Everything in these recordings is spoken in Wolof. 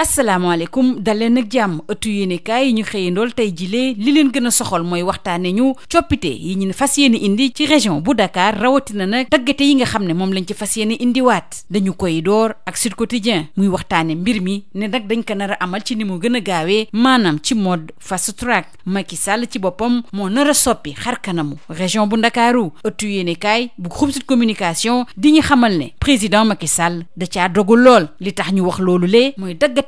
asalaamaaleykum daleen ak jàmm ëttu yéenekaay yi ñu xëyandool tey jilee li leen gën a soxal mooy waxtaane ñu coppite yi ñu fas yéene indi ci région bu dakaar rawatina nag tëggate yi nga xam ne moom lañ ci fas yéene indiwaat dañu koy door ak Sud Quotidien muy waxtaane mbir mi ne nag dañ ko nar amal ci ni mu gën a gaawee maanaam ci mode fast track Macky sàll ci boppam moo nar a soppi xar kanamu région bu Ndakaaru ëttu yéenekaay bu groupe Sud Communication di ñu xamal ne président Macky Sall da caa lool li tax ñu wax loolu lee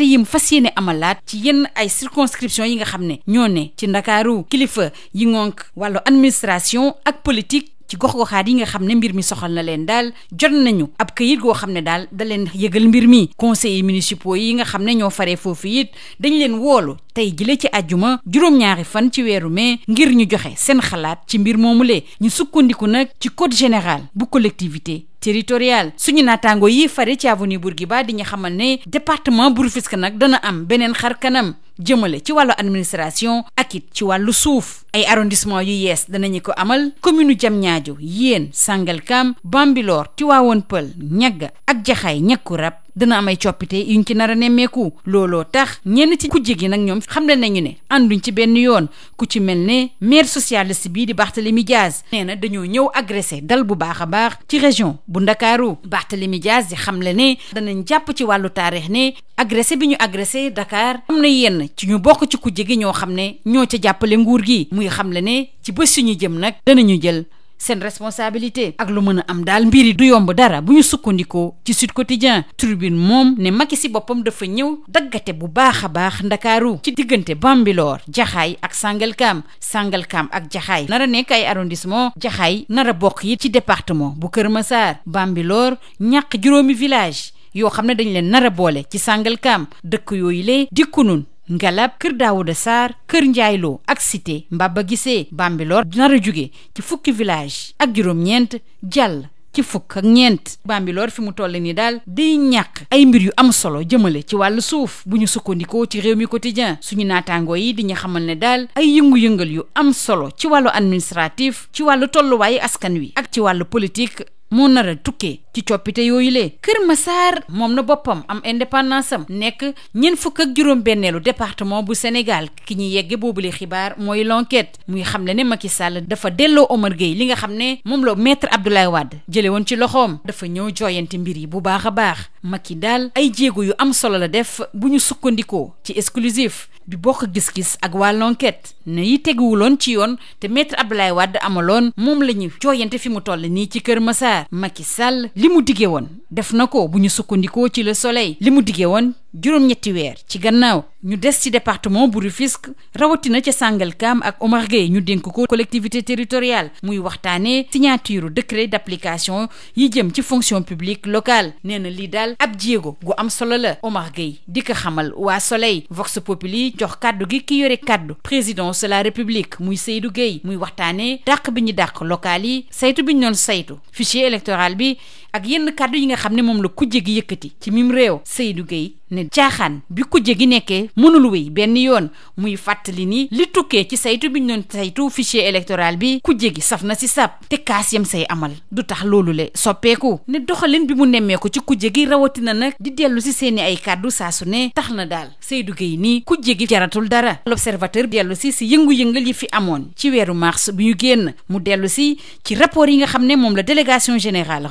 te yim fas yéene amalaat ci yenn ay circonscription yi nga xam ne ñoo ne ci ndakaaru kilifa yi ngonk wàllu administration ak politique ci gox-goxaat yi nga xam ne mbir mi soxal na leen daal jot nañu ab këyit goo xam ne daal da leen yëgal mbir mi conseillers municipaux yi nga xam ne ñoo faree foofu it dañ leen woolu tey ji jile ci àjjuma juróom-ñaari fan ci weeru mais ngir ñu joxe seen xalaat ci mbir moomu moomule ñu sukkandiku nag ci code général bu collectivité territoriale suñu naataango yi fare ci avenue Bourguiba di ñu xamal ne département bu Rufisque nag dana am beneen xar kanam jëmale ci wàllu administration ak it ci wàllu suuf ay arrondissement yu yees danañu ko amal commune Diamniadio Yène Sangalkam bambiloor Tivaouane Peulh Niaga ak Jaxaay Ñakku Rab dana am ay coppite yuñ ci nar a nemmeeku looloo tax ñenn ci kujje yi nag ñoom xam le nañu ne ànduñ ci benn yoon ku ci mel ne maire socialiste bii di Barthélémy Diaz nee na dañoo ñëw agressé dal bu baax a baax ci région bu Ndakaaru Barthélémy Diaz di xam le ne danañ jàpp ci wàllu taarix ne agressé bi ñu agressé Dakar am na yenn ci ñu bokk ci kujje gi ñoo xam ne ñoo ci jàppale nguur gi muy xam le ne ci bés suñu jëm nag danañu jël seen responsabilité ak lu mën a am daal mbir yi du yomb dara bu ñu sukkandikoo ci Sud Quotidien Tribune moom ne Macky si boppam dafa ñëw daggate bu baax a baax ndakaaru ci diggante Bambilor Jaxaay ak Sangalkam Sangalkam ak Jaxaay nara nekk ay arrondissement Jaxaay nara bokk yi ci département bu Kër Massar Bambilor ñàkk juróomi village yoo xam ne dañu leen nar boole ci Sangalkam dëkk yooyu lee dikkunun ngelab kër Daouda Sarr kër njaayloo ak cité Mbaba Gisee bambiloor nar a jóge ci fukki village ak juróom-ñeent jàll ci fukk ak ñeent Bambilor fi mu toll nii daal day ñàkk ay mbir yu am solo jëmale ci wàllu suuf bu ñu sukkandikoo ci réew mi quotidien suñu naataangoo yi di ñu xamal ne daal ay yëngu-yëngal yu am solo ci wàllu administratif ci wàllu tolluwaayu askan wi ak ci wàllu politique moo nar a tukkee ci coppite yooyu lee Kër Massar moom na boppam am indépendance am nekk ñeent fukk ak juróom-benneelu département bu Sénégal ki ñuy yegge boobule xibaar mooy l'enquête muy xam ne ne Macky Sall dafa delloo Omar Gueye li nga xam ne moom la maître Abdoulaye wadd jëlee woon ci loxoom dafa ñëw jooyante mbir yi bu baax a baax. Macky daal ay jéego yu am solo la def bu ñu sukkandikoo ci exclusif bi bokk gis-gis ak wàllonket l'enquête yi teguwuloon ci yoon te maître Abdoulaye Wade amaloon moom la ñu jooyante fi mu toll nii ci Kër Massar Macky sàll li mu diggee woon def na ko bu ñu sukkandikoo ci le soleil li mu diggee woon juróom-ñetti weer ci gannaaw ñu des ci département bu Rufisque rawatina ca Sangalkam ak Omar Gueye ñu dénk ko collectivité territoriale muy waxtaanee signature décret d'application yi jëm ci fonction publique locale nee na lii daal ab jéego gu am solo la Omar Gueye di ko xamal waa Soleil Vox Populi jox kàddu gi ki yore kàddu présidence de la République muy Seydou Gueye muy waxtaanee dàq bi ñu dàq local yi saytu bi ñu doon saytu fichier électoral bi. ak yenn kàddu yi nga xam ne moom la kujje gi yëkkati ci mim réew Seydou Gueye ne caaxaan bi kujje gi nekkee mënul wéy benn yoon muy fàttali ni li tukkee ci saytu bi ñu doon saytu fichier électoral bi ku gi saf na si sap te kaas yam say amal du tax loolu le soppeeku ne doxalin bi mu nemmeeku ci kujje gi rawatina nag di dellu si seeni ay kàddu saa ne tax na daal Seydou Gueye nii kujje gi jaratul dara l'observateur dellu si si yëngu-yëngal yi fi amoon ci weeru mars bi génn mu dellu si ci rapport yi nga xam ne moom la délégation générale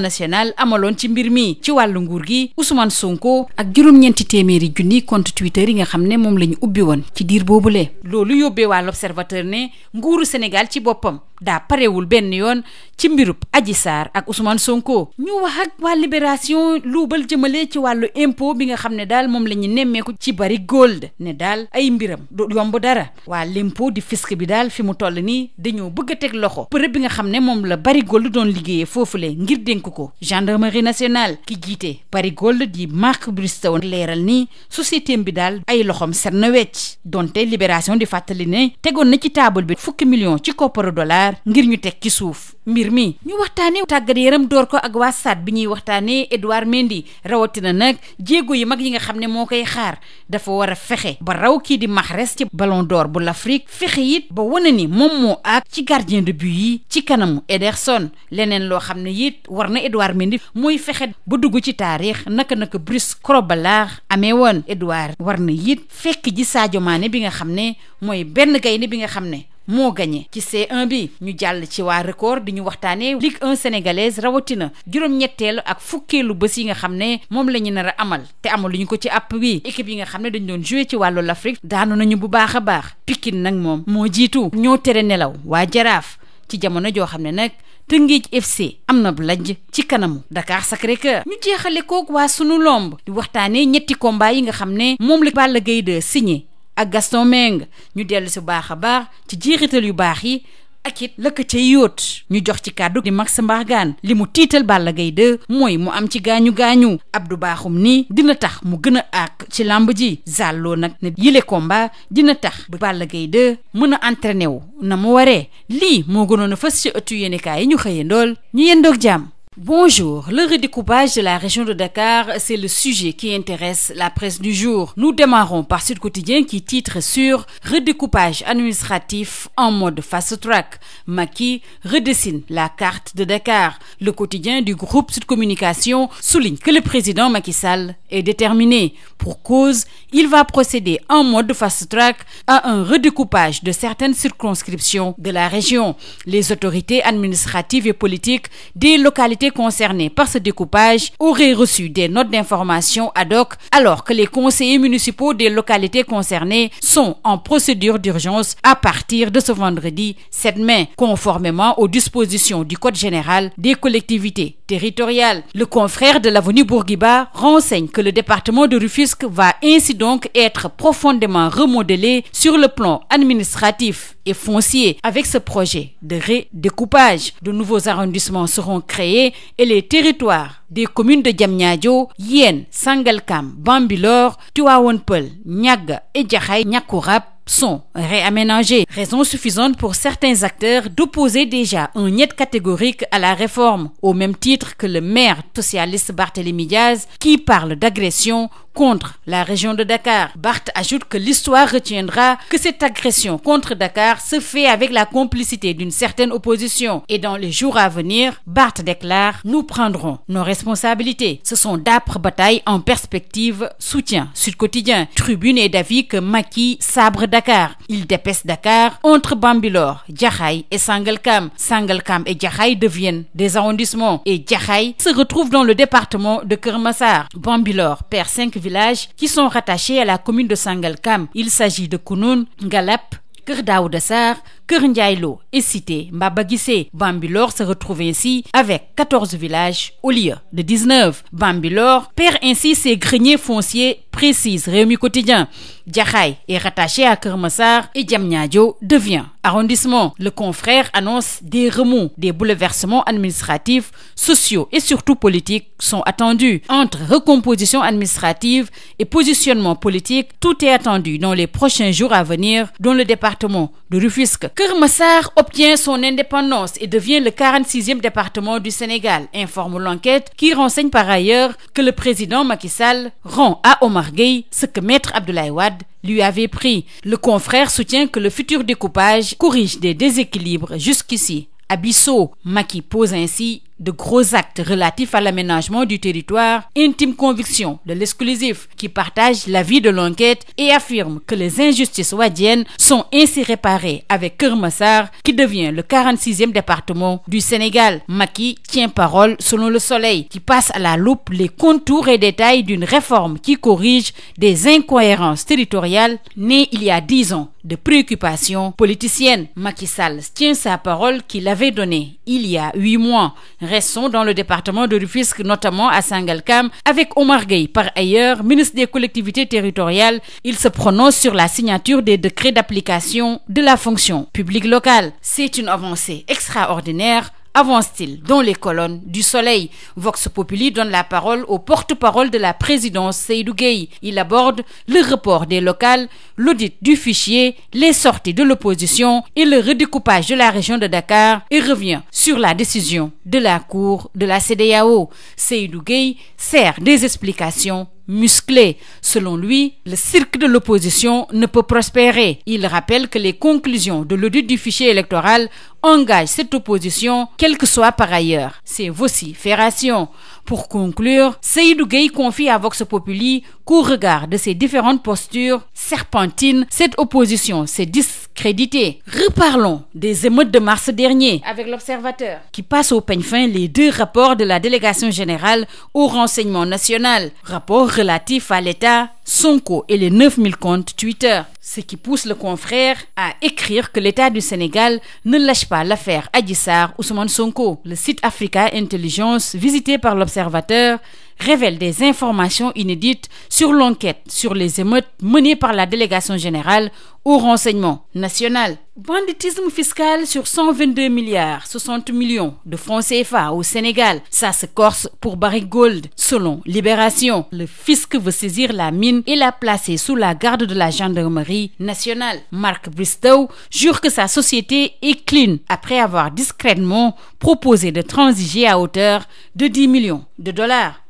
national amaloon ci mbir mi ci wàllu nguur gi Ousmane Sonko ak juróom-ñeenti téeméeri junni compte Twitter yi nga xam ne moom la ñu ubbi woon ci diir boobule. loolu yóbbee waa l'observateur ne nguuru Sénégal ci boppam daa parewul benn yoon ci mbirub Adji Sarr ak Ousmane Sonko ñu wax ak waa Libération luubal jëmale ci wàllu impôt bi nga xam ne daal moom la ñu nemmeeku ci bari gold ne daal ay mbiram du yomb dara waa l'impôt di fisc bi daal fi mu toll nii dañoo bëgg a teg loxo bërëb bi nga xam ne moom la bari gold doon liggéeyee foofule ngir dénk ko gendarmerie nationale ki jiite bari gold di Marc Bristow leeral ni société bi daal ay loxom set na wecc donte Libération di fàttali ne tegoon na ci taabal bi fukki million ci kopparu dollar ngir ñu teg ci suuf mbir mi ñu waxtaane tàggat yaram door ko ak waa SAD bi ñuy waxtaanee Edouard Mendy rawatina nag jéego yi mag yi nga xam ne moo koy xaar dafa war a fexe ba raw kii di max res ci ballon door bu l'Afrique fexe it ba wane ni moom moo ak ci gardien de but yi ci kanamu Ederson leneen loo xam ne yit war na Edouard Mendy mooy fexe ba dugg ci taarix naka naka Brice Krobalaar amee woon Edouard war na yit fekk ji saajo maane bi nga xam ne mooy benn gaynde bi nga xam ne moo gagné ci C1 bi ñu jàll ci waa record di ñu waxtaanee Ligue 1 sénégalaise rawatina juróom-ñetteelu ak fukkeelu bés yi nga xam ne moom la ñu nar a amal te amal lu ñu ko ci app wi équipe yi nga xam ne dañ doon joué ci wàllu l'Afrique daanu nañu bu baax a baax Pikine nag moom moo jiitu ñoo tere nelaw waa Jaraaf ci jamono joo xam ne nag Tëngéej FC am na lajj ci kanamu Dakar Sacré-Cœur ñu jeexale koog waa sunu lomb waxtaanee ñetti combat yi nga xam ne moom la Balla Gaye 2 ak Gaston Meng ñu dellu si baax a baax ci jeexital yu baax yi ak it la ko ñu jox ci kàddu di Max Mbargane li mu tiital Balla Gaye 2 mooy mu am ci gaañu gaañu ab du baaxum nii dina tax mu gën a àgg ci làmb ji zàlloo nag ne yile combat dina tax ba Balla Gaye 2 mën a entraîné wu na mu waree lii moo gënoon a fës ci ëttu yéenekaay yi ñu ndool ñu yendoog jàmm Bonjour. Le redécoupage de la région de Dakar, c'est le sujet qui intéresse la presse du jour. Nous démarrons par Sud Quotidien qui titre sur Redécoupage administratif en mode fast track. Macky redessine la carte de Dakar. Le quotidien du groupe Sud Communication souligne que le président Macky Sall est déterminé. Pour cause, il va procéder en mode fast track à un redécoupage de certaines circonscriptions de la région. Les autorités administratives et politiques premiers concernés par ce découpage auraient reçu des notes d'information ad hoc alors que les conseillers municipaux des localités concernées sont en procédure d'urgence à partir de ce vendredi 7 mai, conformément aux dispositions du Code général des collectivités territoriales. Le confrère de l'avenue Bourguiba renseigne que le département de Rufisque va ainsi donc être profondément remodelé sur le plan administratif et foncier avec ce projet de redécoupage. et les territoires des communes de Diamniadio, Yène, Sangalkam, Bambilor, Tivaouane-Peulh, Niaga et Diakhaye Niakourab sont réaménagés. Raison suffisante pour certains acteurs d'opposer déjà un niet catégorique à la réforme, au même titre que le maire socialiste Barthélémy Diaz qui parle d'agression contre la région de Dakar. Barth ajoute que l'histoire retiendra que cette agression contre Dakar se fait avec la complicité d'une certaine opposition et dans les jours à venir, Barth déclare nous prendrons nos responsabilités. Ce sont d'âpres batailles en perspective, soutien Sud Quotidien. Tribune est d'avis que Macky sabre Dakar. Il dépêche Dakar entre Bambilor, Diakhaï et Sangalkam. Sangalkam et Diakhaï deviennent des arrondissements et Diakhaï se retrouve villages qui sont rattachés à la commune de Sangalkam. Il s'agit de Kounoun, Galap, Kër Daouda Kër Ndiaye-Lo est cité Mbaba Guissé. Bambilor se retrouve ainsi avec 14 villages au lieu de dix 19. Bambilor perd ainsi ses greniers fonciers précise Rewmi Quotidien Diakhaay est rattaché à Keur Massar et Diamniadio devient arrondissement le confrère annonce des remous des bouleversements administratifs sociaux et surtout politiques sont attendus entre recomposition administrative et positionnement politique tout est attendu dans les prochains jours à venir dans le département de Rufisque. Kermassar obtient son indépendance et devient le 46e département du Sénégal, informe l'enquête qui renseigne par ailleurs que le président Macky Sall rend à Omar Gueye ce que Maître Abdoulaye Wade lui avait pris. Le confrère soutient que le futur découpage corrige des déséquilibres jusqu'ici abyssaux. Macky pose ainsi de gros actes relatifs à l'aménagement du territoire, intime conviction de l'exclusif qui partage l'avis de l'enquête et affirme que les injustices wadiennes sont ainsi réparées avec Keur Massar qui devient le 46e département du Sénégal. Macky tient parole selon Le Soleil qui passe à la loupe les contours et détails d'une réforme qui corrige des incohérences territoriales nées il y a dix ans de préoccupations politiciennes. Macky Sall tient sa parole qu'il avait donnée il Restons dans le département de Rufisque, notamment à Sangalkam, avec Omar Gueye. Par ailleurs, ministre des collectivités territoriales, il se prononce sur la signature des décrets d'application de la fonction publique locale. C'est une avancée extraordinaire avance-t-il dans les colonnes du Soleil. Vox Populi donne la parole au porte-parole de la présidence Seydou gué Il aborde le report des locales, l'audit du fichier, les sorties de l'opposition et le redécoupage de la région de Dakar et revient sur la décision de la Cour de la CEDEAO. Seydou Gueye sert des explications musclé. Selon lui, le cirque de l'opposition ne peut prospérer. Il rappelle que les conclusions de l'audit du fichier électoral engagent cette opposition, quelle que soit par ailleurs ses vociférations. Pour conclure, Seydou Gueye confie à Vox Populi qu'au regard de ses différentes postures serpentines, cette opposition s'est crédité. Reparlons des émeutes de mars dernier avec l'Observateur qui passe au peigne fin les deux rapports de la délégation générale au renseignement national, rapport relatif à l'état Sonko et les 9000 comptes Twitter, ce qui pousse le confrère à écrire que l'État du Sénégal ne lâche pas l'affaire Adji Sarr Ousmane Sonko. Le site Africa Intelligence, visité par l'Observateur, révèle des informations inédites sur l'enquête sur les émeutes menées par la délégation générale au renseignement national. Banditisme fiscal sur 122 milliards 60 millions de francs CFA au Sénégal, ça se corse pour Barrick Gold. Selon Libération, le fisc veut saisir la mine et la placer sous la garde de la gendarmerie nationale. Marc Bristow jure que sa société est clean après avoir discrètement proposé de transiger à hauteur de 10 millions de dollars.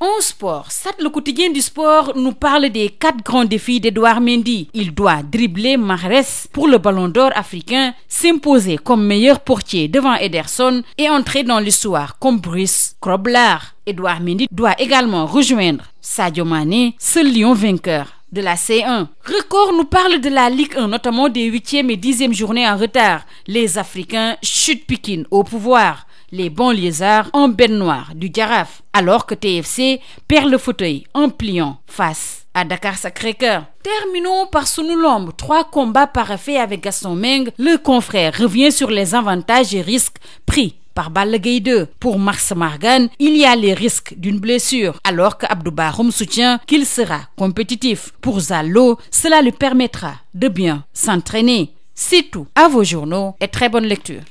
En sport, Sat le quotidien du sport nous parle des quatre grands défis d'Edouard Mendy. Il doit dribbler Mahrez pour le Ballon d'Or africain, s'imposer comme meilleur portier devant Ederson et entrer dans l'histoire comme Brice Kroblar. Edouard Mendy doit également rejoindre Sadio Mané, ce lion vainqueur de la C1. Record nous parle de la Ligue 1, notamment des huitième et dixième journées en retard. Les Africains chutent Pikine au pouvoir. les banlieusards en benn noire du Jaraaf alors que TFC perd le fauteuil en pliant face à Dakar Sacré-Cœur. Terminons par sunu lomb trois combats parfaits avec Gaston Meng le confrère revient sur les avantages et risques pris par Balla Gaye 2. Pour Mars Margan, il y a les risques d'une blessure, alors que Abdou Bahoum soutient qu'il sera compétitif. Pour Zalo, cela lui permettra de bien s'entraîner. C'est tout. À vos journaux et très bonne lecture.